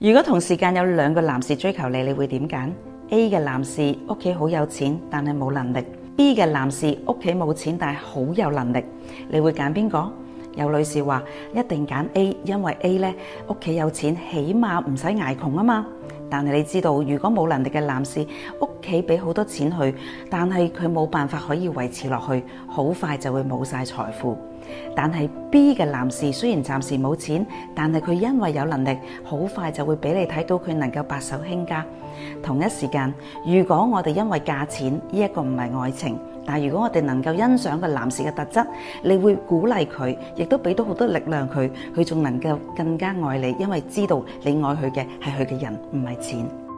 如果同時間有兩個男士追求你，你會點揀？A 嘅男士屋企好有錢，但係冇能力；B 嘅男士屋企冇錢，但係好有能力。你會揀邊個？有女士話一定揀 A，因為 A 呢屋企有錢，起碼唔使挨窮啊嘛。但係你知道，如果冇能力嘅男士屋企俾好多錢佢，但係佢冇辦法可以維持落去，好快就會冇晒財富。但係 B 嘅男士雖然暫時冇錢，但係佢因為有能力，好快就會俾你睇到佢能夠白手興家。同一時間，如果我哋因為價錢呢一個唔係愛情。但如果我哋能夠欣賞個男士嘅特質，你會鼓勵佢，亦都俾到好多力量佢，佢仲能夠更加愛你，因為知道你愛佢嘅係佢嘅人，唔係錢。